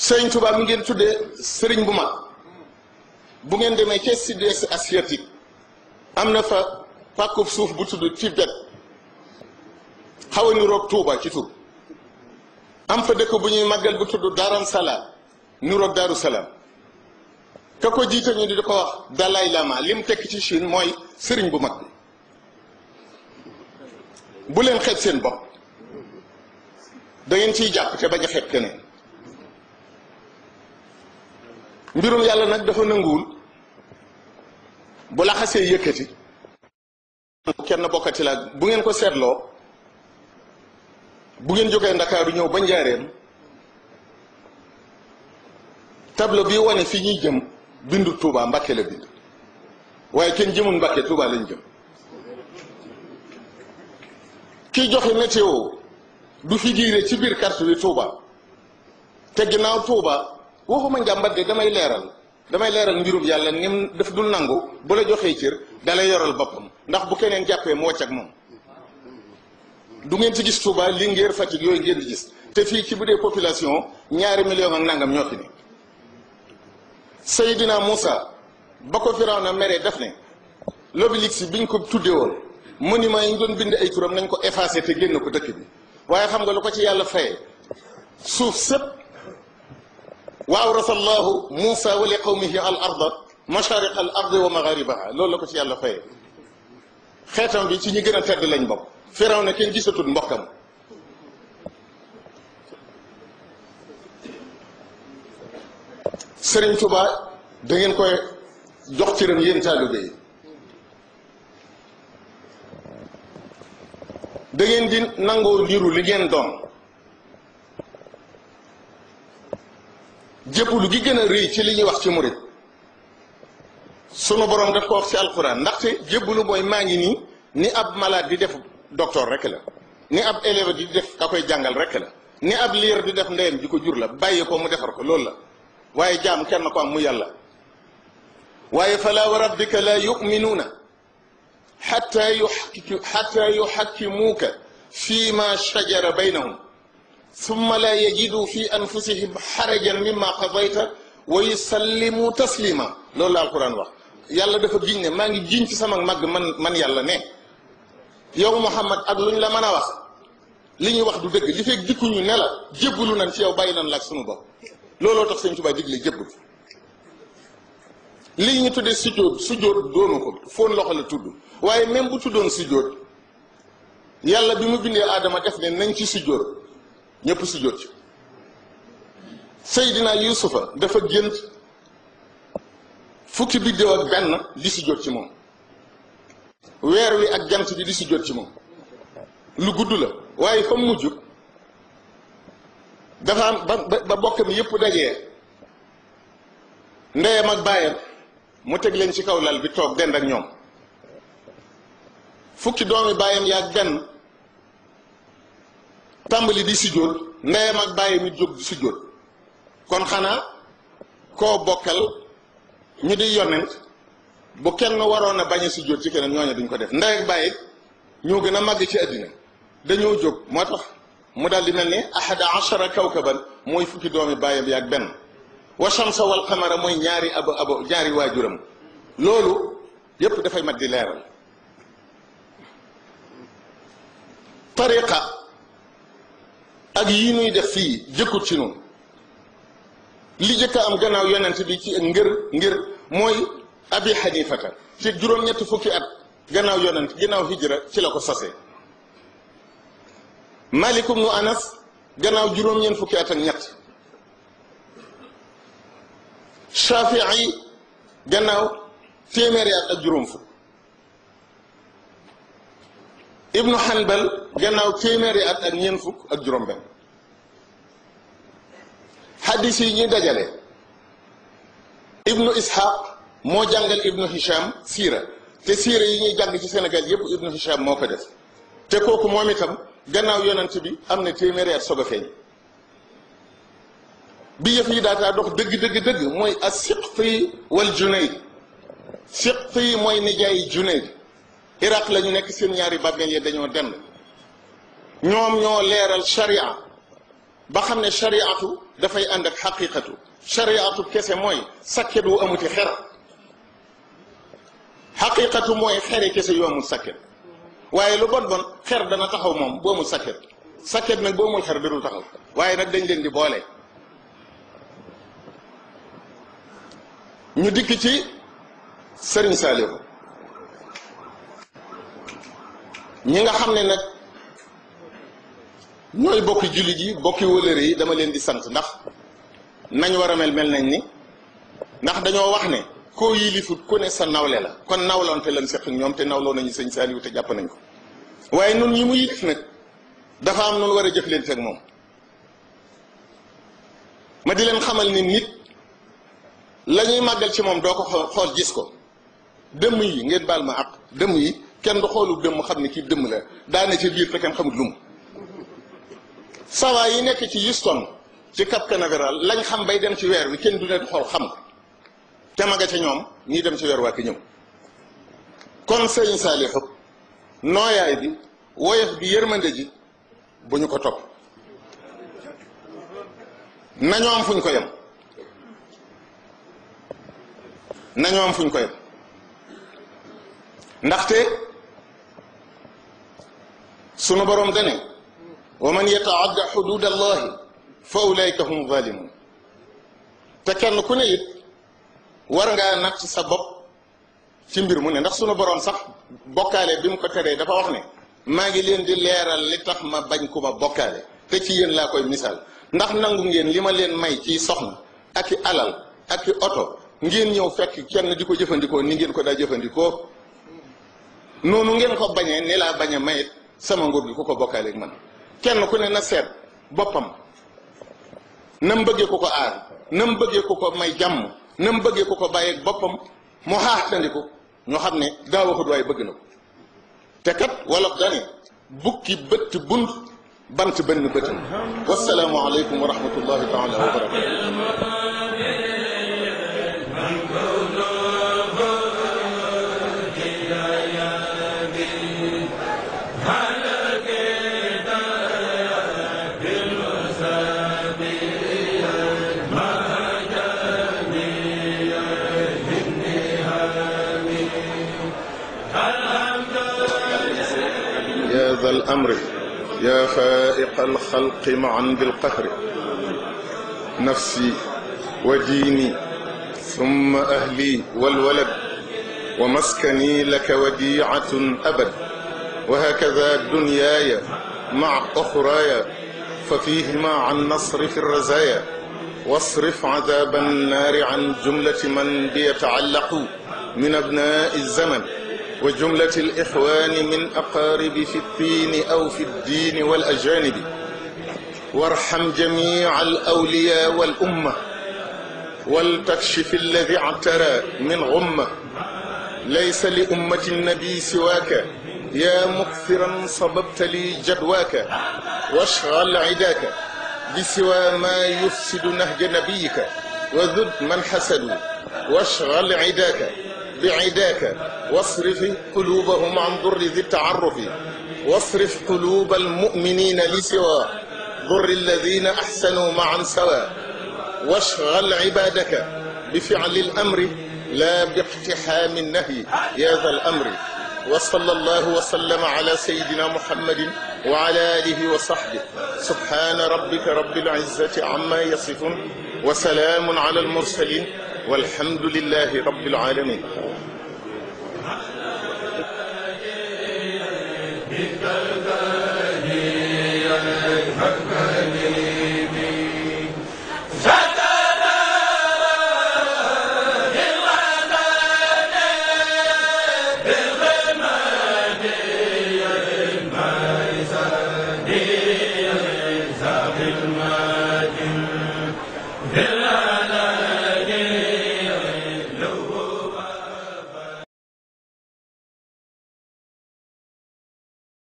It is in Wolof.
sëriñ Touba mi ngeen tuddee sëriñ bu mag bu ngeen demee ca sud-est asiatique am na fa pàkkub suuf bu tudd Tibet xaw a niroog Touba ci tur am fa dëkk bu ñuy màggal bu tudd Daaram Salaam niroog Daaru Salaam ka ko jiite ñu di ko wax Dalai Lama lim tekk ci Chine mooy sëriñ bu mag bi bu leen xeeb seen bopp da ngeen ciy jàpp te bañ a xeeb keneen. mbirum yàlla nag dafa nanguwul bu laxasee xasee yëkkati kenn bokkati la bu ngeen ko seetloo bu ngeen jógee ndakaaru ñëw ba njaareem tableau bi wone fi ñuy jëm bindu Touba Mbàkke la bind waaye kenn jëmul Mbàkke Touba lañ jëm kiy joxe météo du figuré ci biir carte bi Touba te ginnaaw Touba waxuma njàmbat de damay leeral damay leeral mbirub yàlla ngeen def dul nangu bu la joxee cër dalay yoral boppam ndax bu keneen jàppee mu wàcc ak moom du ngeen ci gis Touba li ngeen Fatick yooyu ngeen di gis te fii ci bu dee population ñaari million ak nangam ñoo fi ne Seydina Moussa ba ko na mere def ne l'obélisque biñ ko tuddee woon monument yi ñu doon bind ay turam nañ ko effacé te génn ko dëkk bi waaye xam nga lu ko ci yàlla fayee suuf sëpp وأورث الله موسى ولقومه الأرض مشارق الأرض ومغاربها لولا كو سي الله فاي خيتام بي سي ني غنا تاد لاñ بok فرعون كين جيساتول مبكم serigne توبا دا نين كوي جوخ ci يين تالوبي دا نين دي نانغو ليرو لي نين دون jébulu gi gën a rëy ci li ñuy wax ci murit sunu borom daf ko wax ci alxuraan ndaxte jébulu mooy maa ngi nii ni ab malade di def docteur rek la ni ab élève di def ka koy jàngal rek la ni ab liir di def ndeyam ji ko jur la bàyyi ko mu defar ko loolu la waaye jaam kenn ko am mu yàlla waaye fala wa rabbika la yuminuuna xatta yuxakkimuuka fi ma shajara baynahum summa laa yajidu fi anfusihim xarajan mimma qadayta wa yusallimu taslima loolu la alquran wax yàlla dafa giñ ne maa ngi giñ ci sama màgg man man yàlla ne yow Muhammad ak lu ñu la mën a wax li ñuy wax du dëgg li fekk dikkuñu ne la jébbalu nañ ci yow bàyyi nañ la ak sunu bopp looloo tax sëñ Tuubaa digle jébbalu lii ñu tuddee sujjóot sujjóot doonu ko foon loxo la tudd waaye même bu tuddoon sujjóot yàlla bi mu bindee aadama def ne nañ ci sujjóot ñépp su jot ci Seydina Yusufa dafa gént fukki biddéew ak benn di si jot ci moom weer wi ak jant bi di si jot ci moom lu gudd la waaye fa mu mujj dafa am ba ba bokkam yépp dajee ndeyam ak baayam mu teg leen ci kaw lal bi toog dend ak ñoom fukki doomi baayam yaag benn tàmbali di sujjóot ndeyam ak bàyyi mi jóg di sujjóot kon xanaa koo bokkal ñu di yonent bu kenn waroon a bañ a sujjóot ci keneen ñooñu duñ ko def ndey ak bàyyi ñoo gën a mag ci àddina dañoo jóg moo tax mu daal di mel ni ahada achara kawkaban mooy fukki doomi bàyyam ak benn wa sawal wal qamara mooy ñaari aba aba ñaari waajuram loolu yépp dafay mat di leeral tariqa ak yi nuy def fii jëkkut ci noonu li jëkk am gannaaw yonent bi ci ngir ngir mooy abi xanifata ci juróom-ñetti fukki at gannaaw yonent gannaaw hijra ci la ko sase malik ibnu anas gannaaw juróom-ñeent fukki at ak ñett shafii gannaaw téeméeri at ak juróom fukk ابن حنبل جناو تيميري ات ان ينفك ات جروم بن حديثي ني داجالي ابن اسحاق مو جانغال ابن هشام سيرة تي سيرة يي ني جانغ سي سنغال ييب ابن هشام موكو ديس تي كوكو مومي تام جناو يوننت بي امنا تيميري ات سوغا فيني بي يفي داتا دوخ دغ دغ دغ موي السقفي والجنيد سقفي موي نجاي جنيد iraq la ñu nekk seen ñaari bàmmeel yi dañoo dend ñoom ñoo leeral sharia ba xam ne shariatu dafay ànd ak xaqiqatu shariatu kese mooy sakket wu amuti xera xaqiqatu mooy xere kese yu amul sakket waaye lu bon bon xer dana taxaw moom bu amul sakket sakket nag bu amul xer dadul taxaw waaye nag dañ leen di boole ñu dikk ci sëriñ Saalihu ñi nga xam ne nag ñooy bokki jullit yi bokki wëlëre yi dama leen di sant ndax nañ war a mel mel nañ ni ndax dañoo wax ne koo yilifut ku ne sa nawle la kon nawloonte lan seq ñoom te nawloo nañu sëñ Saaliw jàpp nañ ko waaye nun ñi mu yilif nag dafa am nun war a jëf leen ak moom ma di leen xamal ni nit la ñuy màggal ci moom doo ko xool gis ko dëmm yi ngeen baal ma ak dëmm yi كندو خالو دم خدني كيف دم له دانة جبير فكان خمود لوم سواءين كتي يستون جكاب كنغرا لين خم بيدن شوير ويكن دونا دخول خم كما قلت يوم نيدم شوير واقين يوم كون سين صالح نوايا دي ويف بير من دجي بني كتب نعم فين كيام نعم فين كيام نختي سونو بروم داني ومن يتعدى حدود الله فاولئك هم الظالمون تا كان ورغا ني وارغا نات سا بوب سي مير مو ني ناخ سونو بروم صاح بوكالي بيم كو تري دا فا واخ ني ماغي لين دي ليرال لي تخ ما باج كوما بوكالي تا سي يين لا كوي مثال ناخ نانغو نين ليما لين ماي سي سخنا اكي علال اكي اوتو نين نيو فك كين ديكو جيفانديكو ني نين كو دا جيفانديكو نونو نين كو باغي ني لا باغي مايت sama nguur gi ku ko bokkaaleeg man kenn ku ne na seet boppam na mu ku ko aar na mu ku ko may jàmm na mu bëggee ku ko bàyyeeg boppam mu xaaxtandiku ñu xam ne daa waaye bëgg na ko te kat wolof dane bukki bëtt bunt bant benn bëtam wasalaamu aleykum wa rahmatullahi taala wa barakatu أمره يا فائق الخلق معا بالقهر نفسي وديني ثم أهلي والولد ومسكني لك وديعة أبد وهكذا دنياي مع أخرايا ففيهما عن نصر في الرزايا واصرف عذاب النار عن جملة من بيتعلق من أبناء الزمن وجملة الإخوان من أقارب في الدين أو في الدين والأجانب وارحم جميع الأولياء والأمة ولتكشف الذي اعترى من غمة ليس لأمة النبي سواك يا مكثرا صببت لي جدواك واشغل عداك بسوى ما يفسد نهج نبيك وذد من حسدوا واشغل عداك بعداك واصرف قلوبهم عن ضر ذي التعرف واصرف قلوب المؤمنين لسوى ضر الذين أحسنوا معا سوى واشغل عبادك بفعل الأمر لا باقتحام النهي يا ذا الأمر وصلى الله وسلم على سيدنا محمد وعلى آله وصحبه سبحان ربك رب العزة عما يصفون وسلام على المرسلين والحمد لله رب العالمين